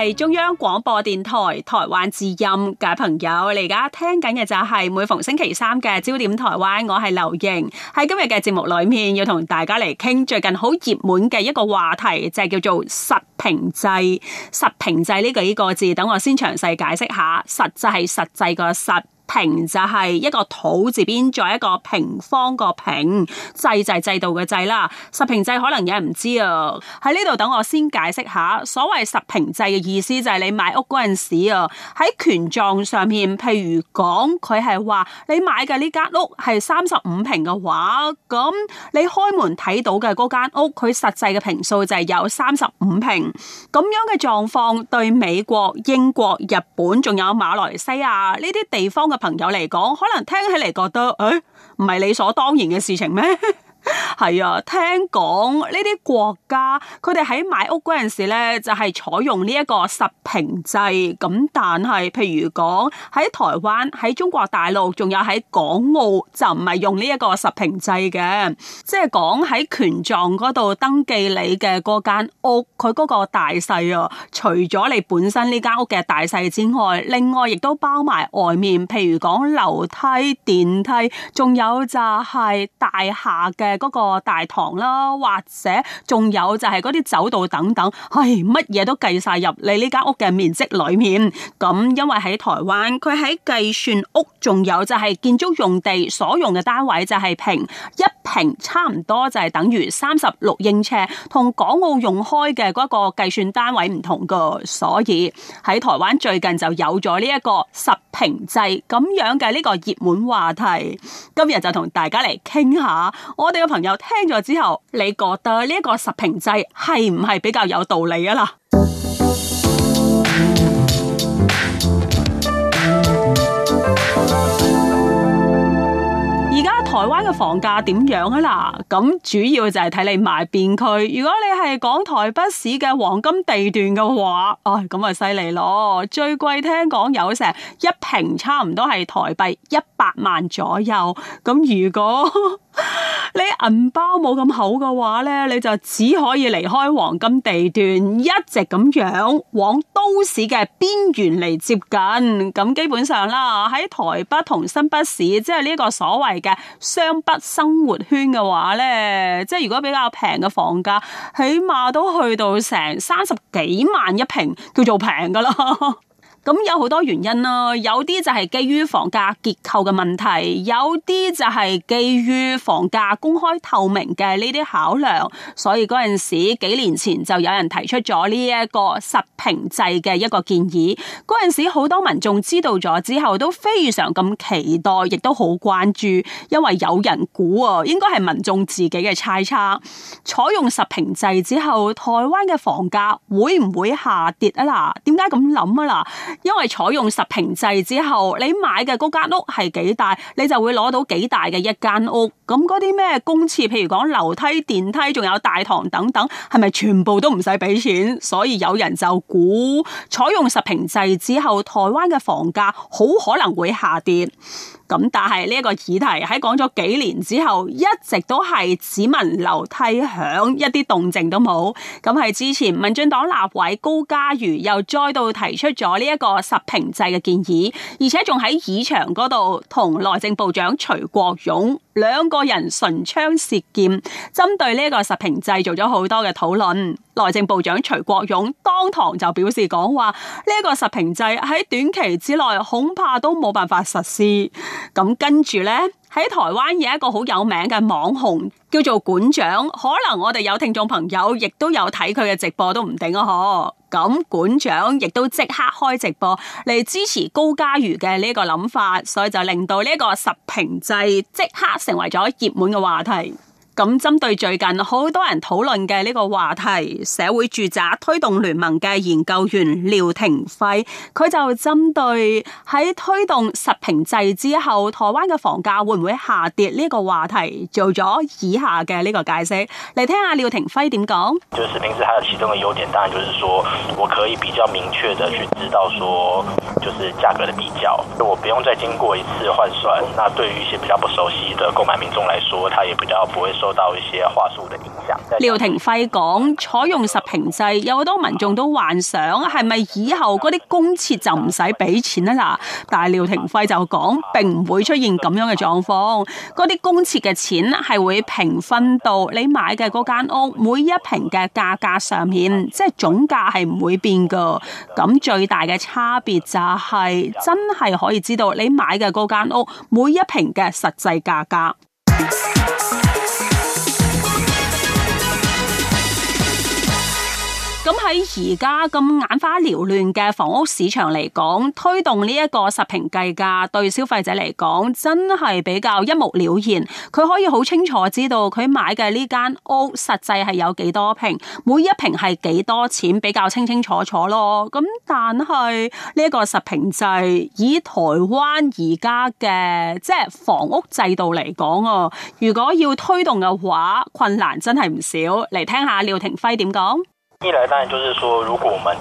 係中央廣播電台台灣字音嘅朋友，你而家聽緊嘅就係每逢星期三嘅焦點台灣，我係劉瑩喺今日嘅節目裏面，要同大家嚟傾最近好熱門嘅一個話題，就係、是、叫做實坪制。實坪制呢個呢個字，等我先詳細解釋下，實際係實際個實。坪就係一個土字邊，再一個平方個平，制制制度嘅制啦。實坪制可能有人唔知啊，喺呢度等我先解釋下。所謂實坪制嘅意思就係你買屋陣時啊，喺權狀上面，譬如講佢係話你買嘅呢間屋係三十五坪嘅話，咁你開門睇到嘅間屋，佢實際嘅坪數就係有三十五坪。咁樣嘅狀況對美國、英國、日本仲有馬來西亞呢啲地方嘅朋友嚟講，可能聽起嚟覺得誒，唔係理所當然嘅事情咩？ 係啊，聽講呢啲國家佢哋喺買屋嗰陣時呢，就係、是、採用呢一個實坪制咁，但係譬如講喺台灣、喺中國大陸，仲有喺港澳就唔係用呢一個實坪制嘅，即係講喺權狀嗰度登記你嘅嗰間屋，佢嗰個大細啊，除咗你本身呢間屋嘅大細之外，另外亦都包埋外面，譬如講樓梯、電梯，仲有就係大廈嘅。誒嗰個大堂啦，或者仲有就係嗰啲走道等等，係乜嘢都計晒入你呢間屋嘅面積裏面。咁因為喺台灣佢喺計算屋，仲有就係建築用地所用嘅單位就係坪，一坪差唔多就係等於三十六英尺，同港澳用開嘅嗰個計算單位唔同個，所以喺台灣最近就有咗呢一個實坪制咁樣嘅呢個熱門話題，今日就同大家嚟傾下，我哋。朋友聽咗之後，你覺得呢一個實坪制係唔係比較有道理啊？啦，而家台灣嘅房價點樣啊？啦，咁主要就係睇你買邊區。如果你係講台北市嘅黃金地段嘅話，唉、哎，咁啊犀利咯，最貴聽講有成一坪差唔多係台幣一百萬左右。咁如果， 你銀包冇咁厚嘅話呢，你就只可以離開黃金地段，一直咁樣往都市嘅邊緣嚟接近。咁基本上啦，喺台北同新北市，即係呢一個所謂嘅雙北生活圈嘅話呢，即係如果比較平嘅房價，起碼都去到成三十幾萬一坪，叫做平噶啦。 咁有好多原因啦，有啲就係基於房價結構嘅問題，有啲就係基於房價公開透明嘅呢啲考量。所以嗰陣時幾年前就有人提出咗呢一個實坪制嘅一個建議。嗰陣時好多民眾知道咗之後都非常咁期待，亦都好關注，因為有人估啊，應該係民眾自己嘅猜測。採用實坪制之後，台灣嘅房價會唔會下跌啊？嗱，點解咁諗啊？嗱？因為採用實坪制之後，你買嘅嗰間屋係幾大，你就會攞到幾大嘅一間屋。咁嗰啲咩公廁，譬如講樓梯、電梯，仲有大堂等等，係咪全部都唔使俾錢？所以有人就估，採用實坪制之後，台灣嘅房價好可能會下跌。咁但係呢一個議題喺講咗幾年之後，一直都係只聞樓梯響，一啲動靜都冇。咁係之前民進黨立委高嘉瑜又再度提出咗呢一個實坪制嘅建議，而且仲喺議場嗰度同內政部長徐國勇。兩個人唇槍舌劍，針對呢個實坪制做咗好多嘅討論。內政部長徐國勇當堂就表示講話，呢個實坪制喺短期之內恐怕都冇辦法實施。咁跟住呢，喺台灣有一個好有名嘅網紅叫做館長，可能我哋有聽眾朋友亦都有睇佢嘅直播都唔定啊！嗬。咁館長亦都即刻開直播嚟，支持高嘉瑜嘅呢個諗法，所以就令到呢個實坪制即刻成為咗熱門嘅話題。咁針對最近好多人討論嘅呢個話題，社會住宅推動聯盟嘅研究員廖廷輝，佢就針對喺推動實坪制之後，台灣嘅房價會唔會下跌呢個話題做咗以下嘅呢個解釋，嚟聽下廖廷輝點講。就實坪制，佢有其中嘅優點，當然就是說我可以比較明確的去知道，說就是價格的比較，就我不用再經過一次換算。那對於一些比較不熟悉的購買民眾來說，他也比較不會受。廖庭輝講，採用十平制，有好多民眾都幻想係咪以後嗰啲公廁就唔使俾錢啦？但係廖庭輝就講，並唔會出現咁樣嘅狀況。嗰啲公廁嘅錢係會平分到你買嘅嗰間屋每一平嘅價格上面，即係總價係唔會變噶。咁最大嘅差別就係、是、真係可以知道你買嘅嗰間屋每一平嘅實際價格。喺而家咁眼花繚亂嘅房屋市場嚟講，推動呢一個實坪計價對消費者嚟講真係比較一目了然。佢可以好清楚知道佢買嘅呢間屋實際係有幾多坪，每一坪係幾多錢，比較清清楚楚咯。咁但係呢個實坪制以台灣而家嘅，即係房屋制度嚟講哦，如果要推動嘅話，困難真係唔少。嚟聽下廖廷輝點講。一來當然就是說，如果我們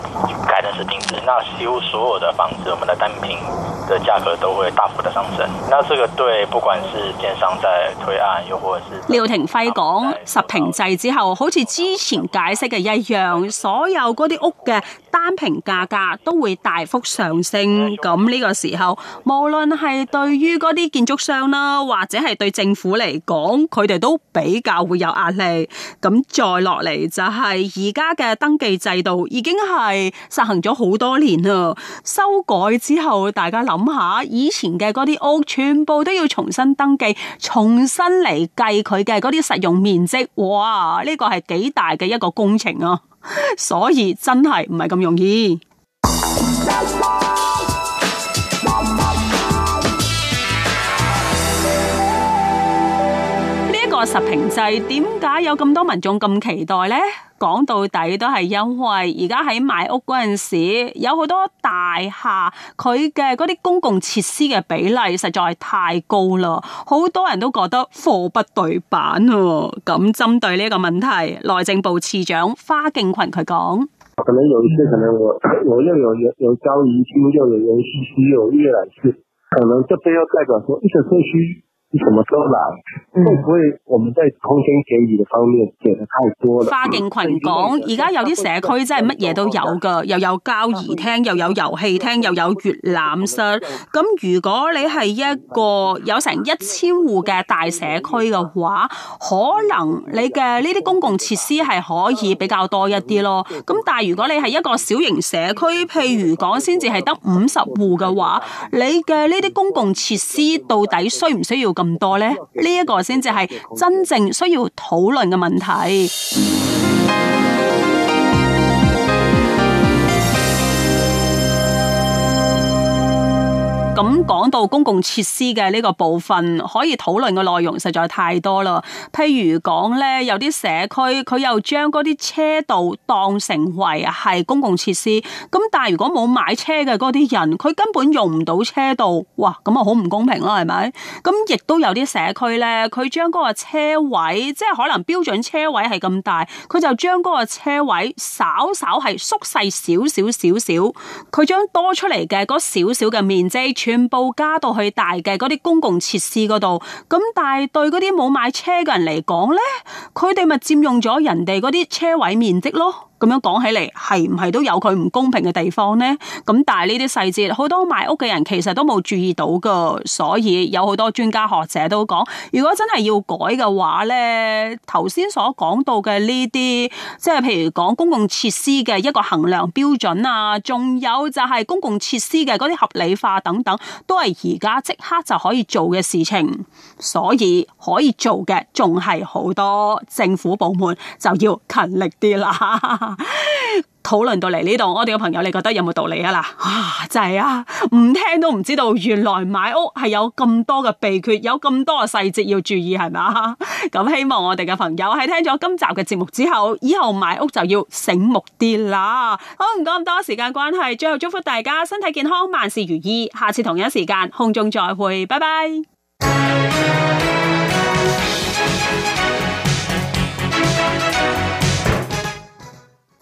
改的是實坪制，那幾乎所有的房子，我們的單坪的價格都會大幅的上升。那這個對不管是建商在推案，又或者是廖庭輝講實坪制之後，好似之前解釋嘅一樣，所有嗰啲屋嘅。單坪價格都會大幅上升，咁呢個時候，無論係對於嗰啲建築商啦，或者係對政府嚟講，佢哋都比較會有壓力。咁再落嚟就係而家嘅登記制度已經係實行咗好多年啦，修改之後，大家諗下以前嘅嗰啲屋全部都要重新登記，重新嚟計佢嘅嗰啲實用面積，哇！呢個係幾大嘅一個工程啊！所以真係唔係咁容易。個實坪制點解有咁多民眾咁期待呢？講到底都係因為而家喺買屋嗰陣時，有好多大廈佢嘅嗰啲公共設施嘅比例實在太高啦，好多人都覺得貨不對版啊。咁針對呢個問題，內政部次長花敬群佢講：，什麼都難，會唔會我們在空間給予的方面給得太多了。花敬群講，而家有啲社區真係乜嘢都有噶，又有交誼廳，又有遊戲廳，又有閱覽室。咁如果你係一個有成一千戶嘅大社區嘅話，可能你嘅呢啲公共設施係可以比較多一啲咯。咁但係如果你係一個小型社區，譬如講先至係得五十戶嘅話，你嘅呢啲公共設施到底需唔需要？咁多呢，呢一個先至係真正需要討論嘅問題。咁講到公共設施嘅呢個部分，可以討論嘅內容實在太多啦。譬如講呢，有啲社區佢又將嗰啲車道當成為係公共設施，咁但係如果冇買車嘅嗰啲人，佢根本用唔到車道，哇！咁咪好唔公平咯，係咪？咁亦都有啲社區呢，佢將嗰個車位，即係可能標準車位係咁大，佢就將嗰個車位稍稍係縮細少少少少，佢將多出嚟嘅嗰少少嘅面積。全部加到去大嘅嗰啲公共設施嗰度，咁但係對嗰啲冇買車嘅人嚟講咧，佢哋咪佔用咗人哋嗰啲車位面積咯。咁樣講起嚟，係唔係都有佢唔公平嘅地方呢？咁但係呢啲細節，好多買屋嘅人其實都冇注意到噶，所以有好多專家學者都講，如果真係要改嘅話呢，頭先所講到嘅呢啲，即係譬如講公共設施嘅一個衡量標準啊，仲有就係公共設施嘅嗰啲合理化等等，都係而家即刻就可以做嘅事情。所以可以做嘅，仲係好多政府部門就要勤力啲啦。討論到嚟呢度，我哋嘅朋友你覺得有冇道理啊？嗱，哇，真係啊，唔聽都唔知道，原來買屋係有咁多嘅秘訣，有咁多嘅細節要注意，係咪？咁、嗯、希望我哋嘅朋友喺聽咗今集嘅節目之後，以後買屋就要醒目啲啦。好，唔講咁多，時間關係，最後祝福大家身體健康，萬事如意。下次同一時間空中再會，拜拜。